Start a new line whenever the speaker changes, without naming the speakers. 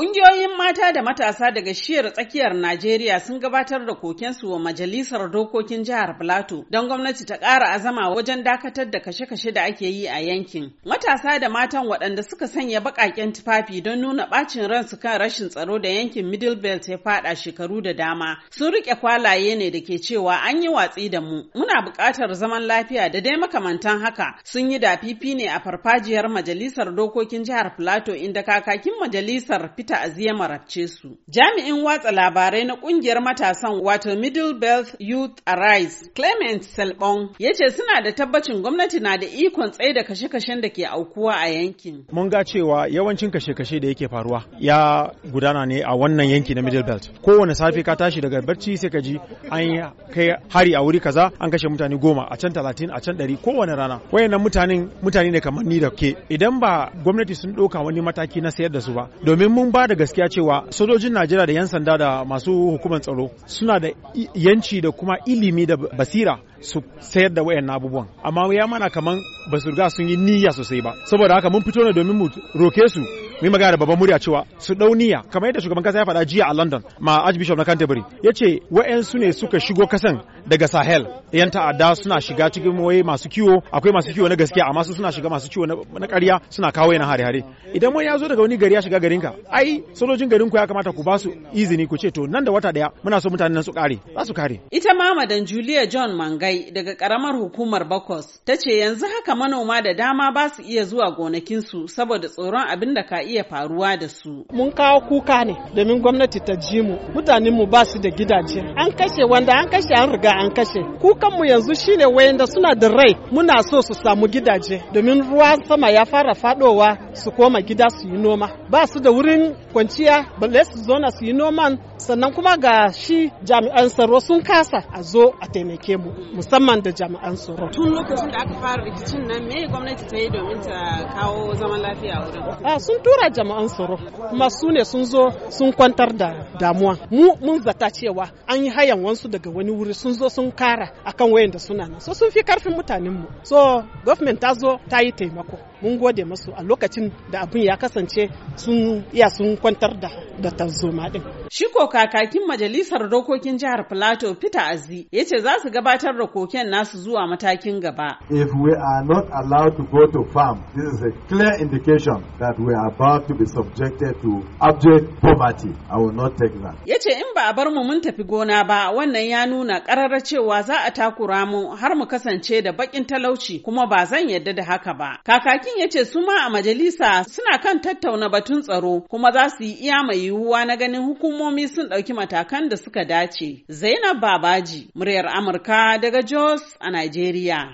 Ƙungiyoyin mata da matasa daga shiyar tsakiyar Najeriya sun gabatar da kokensu wa Majalisar Dokokin Jihar Filato don gwamnati ta ƙara azama wajen dakatar da kashe-kashe da ake yi a yankin. Matasa da matan waɗanda suka sanya baƙaƙen tufafi don nuna ɓacin ransu kan rashin tsaro da yankin Middle Belt ya faɗa shekaru da dama sun riƙe kwalaye ne da ke cewa an yi watsi da mu. Muna buƙatar zaman lafiya da dai makamantan haka sun yi dafifi ne a farfajiyar Majalisar Dokokin Jihar Filato inda kakakin majalisar Peter ta'aziyya marabce su. Jami'in watsa labarai na kungiyar matasan wato Middle Belt Youth Arise, Clement Selbon, ya ce suna da tabbacin gwamnati na da ikon tsaye da kashe-kashen da ke aukuwa a yankin.
Mun ga cewa yawancin kashe-kashe da yake faruwa ya gudana ne a wannan yanki na Middle Belt. Kowane safe ka tashi daga barci sai ka ji an kai hari a wuri kaza an kashe mutane goma a can talatin a can ɗari kowane rana. Wayannan mutanen mutane ne kamar ni da ke idan ba gwamnati sun ɗauka wani mataki na sayar da su ba domin mun ba da gaskiya cewa sojojin Najeriya da 'yan sanda da masu hukumar tsaro suna da yanci da kuma ilimi da basira su sayar da wayan abubuwan amma ya mana kaman ba su riga sun yi niyya sosai ba saboda haka mun fito ne domin mu roke su mu yi magana da babban murya cewa su niyya kamar yadda shugaban kasa ya faɗa jiya a London ma Archbishop na Canterbury yace wa'yansu ne suka shigo kasan daga Sahel yan ta'adda suna shiga cikin waye masu kiwo akwai masu kiwo na gaskiya amma su suna shiga masu kiwo na ƙarya suna kawo yana hare-hare idan wani ya zo daga wani gari ya shiga garinka ai sojojin garin ku ya kamata ku ba su izini ku ce to nan da wata daya muna so mutanen nan su kare za su kare
ita ma madan Julia John Mangai daga karamar hukumar Bakos ta ce yanzu haka manoma da dama ba su iya zuwa gonakinsu saboda tsoron abin da ka iya faruwa da su.
Mun kawo kuka ne domin gwamnati ta ji mu mutanen mu ba su da gidaje an kashe wanda an kashe an riga an kashe kukan mu yanzu shine wayanda suna da rai muna so su samu gidaje domin ruwa sama ya fara fadowa su koma gida su yi noma ba su da wurin kwanciya balle su zona su yi noman sannan kuma ga shi jami'an tsaro sun kasa a zo a taimake mu musamman da jami'an tsaro tun lokacin
da aka fara rikicin nan me gwamnati ta yi domin ta kawo zaman lafiya a wurin
ah, sun tura kira jama'an tsaro masu ne sun zo sun kwantar da damuwa mu mun zata cewa an yi hayan wasu daga wani wuri sun zo sun kara akan wayanda suna nan so sun fi karfin mutanen mu so government ta zo ta yi taimako mun gode masu a lokacin da abin ya kasance sun iya sun kwantar da da tarzoma din
shi ko kakakin majalisar dokokin jihar plato Peter Azzi ya ce za su gabatar da koken nasu zuwa matakin gaba
if we are not allowed to go to farm this is a clear indication that we are not to be subjected to abject poverty. I will not take that.
Ya ce in ba a bar mu mun tafi gona ba wannan ya nuna ƙararra cewa za a takura mu har mu kasance da baƙin talauci kuma ba zan yadda da haka ba. Kakakin ya ce su ma a majalisa suna kan tattauna batun tsaro kuma za su yi iya mai yiwuwa na ganin hukumomi sun ɗauki matakan da suka dace. Zainab Babaji, muryar Amurka daga Jos a Najeriya.